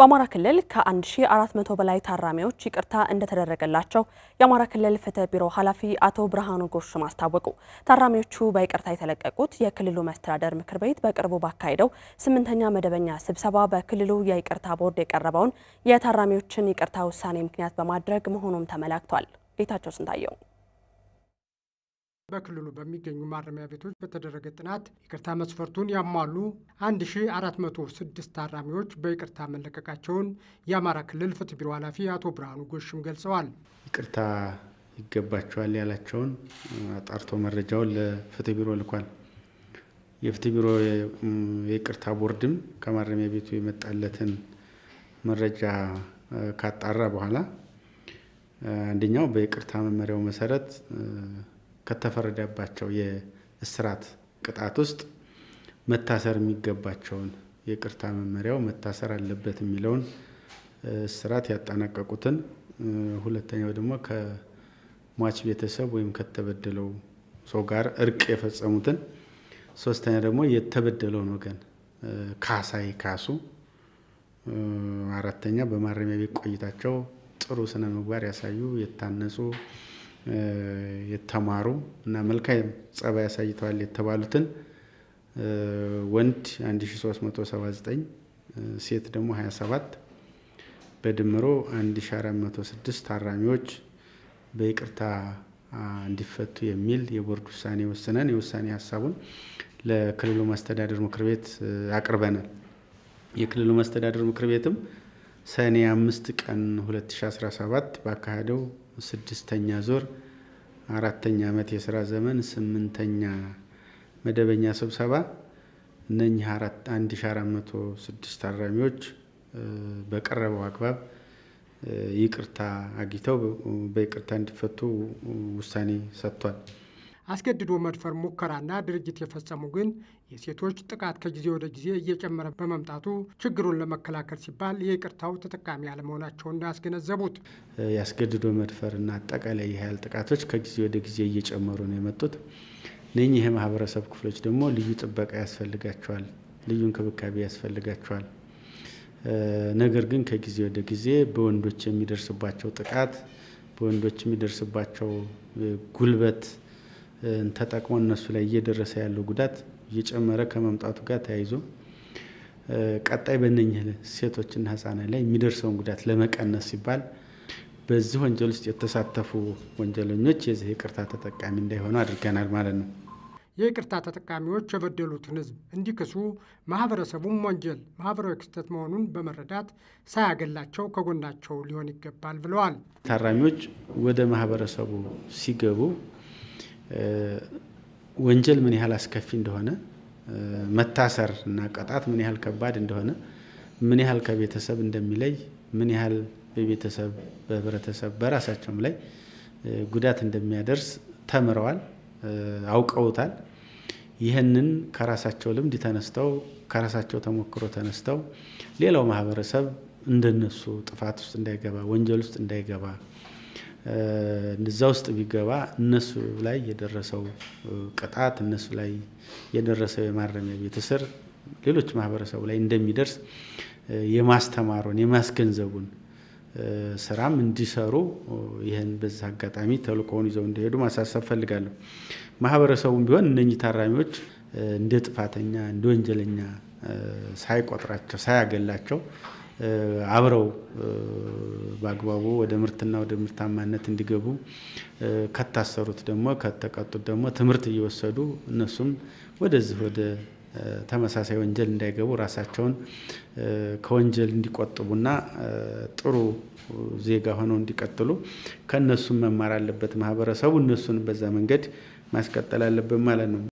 በአማራ ክልል ከ1400 በላይ ታራሚዎች ይቅርታ እንደተደረገላቸው የአማራ ክልል ፍትህ ቢሮ ኃላፊ አቶ ብርሃኑ ጎሹም አስታወቁ። ታራሚዎቹ በይቅርታ የተለቀቁት የክልሉ መስተዳደር ምክር ቤት በቅርቡ ባካሄደው ስምንተኛ መደበኛ ስብሰባ በክልሉ የይቅርታ ቦርድ የቀረበውን የታራሚዎችን ይቅርታ ውሳኔ ምክንያት በማድረግ መሆኑም ተመላክቷል። ጌታቸው ስንታየው በክልሉ በሚገኙ ማረሚያ ቤቶች በተደረገ ጥናት ይቅርታ መስፈርቱን ያሟሉ 1406 ታራሚዎች በይቅርታ መለቀቃቸውን የአማራ ክልል ፍትህ ቢሮ ኃላፊ አቶ ብርሃኑ ጎሽም ገልጸዋል። ይቅርታ ይገባቸዋል ያላቸውን አጣርቶ መረጃውን ለፍትህ ቢሮ ልኳል። የፍትህ ቢሮ የይቅርታ ቦርድም ከማረሚያ ቤቱ የመጣለትን መረጃ ካጣራ በኋላ አንደኛው በይቅርታ መመሪያው መሰረት ከተፈረደባቸው የእስራት ቅጣት ውስጥ መታሰር የሚገባቸውን የቅርታ መመሪያው መታሰር አለበት የሚለውን እስራት ያጠናቀቁትን፣ ሁለተኛው ደግሞ ከሟች ቤተሰብ ወይም ከተበደለው ሰው ጋር እርቅ የፈጸሙትን፣ ሶስተኛ ደግሞ የተበደለውን ወገን ካሳይ ካሱ አራተኛ በማረሚያ ቤት ቆይታቸው ጥሩ ስነ ምግባር ያሳዩ የታነጹ የተማሩ እና መልካም ጸባይ አሳይተዋል የተባሉትን ወንድ 1379 ሴት ደግሞ 27 በድምሮ 1406 ታራሚዎች በይቅርታ እንዲፈቱ የሚል የቦርድ ውሳኔ ወስነን የውሳኔ ሀሳቡን ለክልሉ መስተዳደር ምክር ቤት አቅርበናል። የክልሉ መስተዳደር ምክር ቤትም ሰኔ አምስት ቀን 2017 ባካሄደው ስድስተኛ ዞር አራተኛ ዓመት የስራ ዘመን ስምንተኛ መደበኛ ስብሰባ እነኚህ 1406 ታራሚዎች በቀረበው አግባብ ይቅርታ አግኝተው በይቅርታ እንዲፈቱ ውሳኔ ሰጥቷል። አስገድዶ መድፈር ሙከራና ድርጊት የፈጸሙ ግን የሴቶች ጥቃት ከጊዜ ወደ ጊዜ እየጨመረ በመምጣቱ ችግሩን ለመከላከል ሲባል የይቅርታው ተጠቃሚ አለመሆናቸውን ያስገነዘቡት የአስገድዶ መድፈርና አጠቃላይ የኃይል ጥቃቶች ከጊዜ ወደ ጊዜ እየጨመሩ ነው የመጡት። እነኚህ የማህበረሰብ ክፍሎች ደግሞ ልዩ ጥበቃ ያስፈልጋቸዋል፣ ልዩ እንክብካቤ ያስፈልጋቸዋል። ነገር ግን ከጊዜ ወደ ጊዜ በወንዶች የሚደርስባቸው ጥቃት በወንዶች የሚደርስባቸው ጉልበት ተጠቅሞ እነሱ ላይ እየደረሰ ያለው ጉዳት እየጨመረ ከመምጣቱ ጋር ተያይዞ ቀጣይ በነኝህ ሴቶችና ህጻናት ላይ የሚደርሰውን ጉዳት ለመቀነስ ሲባል በዚህ ወንጀል ውስጥ የተሳተፉ ወንጀለኞች የዚህ ይቅርታ ተጠቃሚ እንዳይሆኑ አድርገናል ማለት ነው። የይቅርታ ተጠቃሚዎች የበደሉትን ህዝብ እንዲክሱ ማህበረሰቡም ወንጀል ማህበራዊ ክስተት መሆኑን በመረዳት ሳያገላቸው ከጎናቸው ሊሆን ይገባል ብለዋል። ታራሚዎች ወደ ማህበረሰቡ ሲገቡ ወንጀል ምን ያህል አስከፊ እንደሆነ መታሰር እና ቅጣት ምን ያህል ከባድ እንደሆነ ምን ያህል ከቤተሰብ እንደሚለይ ምን ያህል በቤተሰብ በህብረተሰብ በራሳቸውም ላይ ጉዳት እንደሚያደርስ ተምረዋል፣ አውቀውታል። ይህንን ከራሳቸው ልምድ ተነስተው ከራሳቸው ተሞክሮ ተነስተው ሌላው ማህበረሰብ እንደነሱ ጥፋት ውስጥ እንዳይገባ ወንጀል ውስጥ እንዳይገባ እዛ ውስጥ ቢገባ እነሱ ላይ የደረሰው ቅጣት እነሱ ላይ የደረሰው የማረሚያ ቤት እስር ሌሎች ማህበረሰቡ ላይ እንደሚደርስ የማስተማሩን የማስገንዘቡን ስራም እንዲሰሩ ይህን በዛ አጋጣሚ ተልእኮውን ይዘው እንዲሄዱ ማሳሰብ ፈልጋለሁ። ማህበረሰቡም ቢሆን እነኚህ ታራሚዎች እንደ ጥፋተኛ እንደ ወንጀለኛ ሳይቆጥራቸው ሳያገላቸው አብረው በአግባቡ ወደ ምርትና ወደ ምርታማነት እንዲገቡ ከታሰሩት ደግሞ ከተቀጡት ደግሞ ትምህርት እየወሰዱ እነሱም ወደዚህ ወደ ተመሳሳይ ወንጀል እንዳይገቡ ራሳቸውን ከወንጀል እንዲቆጥቡና ጥሩ ዜጋ ሆነው እንዲቀጥሉ ከእነሱም መማር አለበት ማህበረሰቡ። እነሱን በዛ መንገድ ማስቀጠል አለብን ማለት ነው።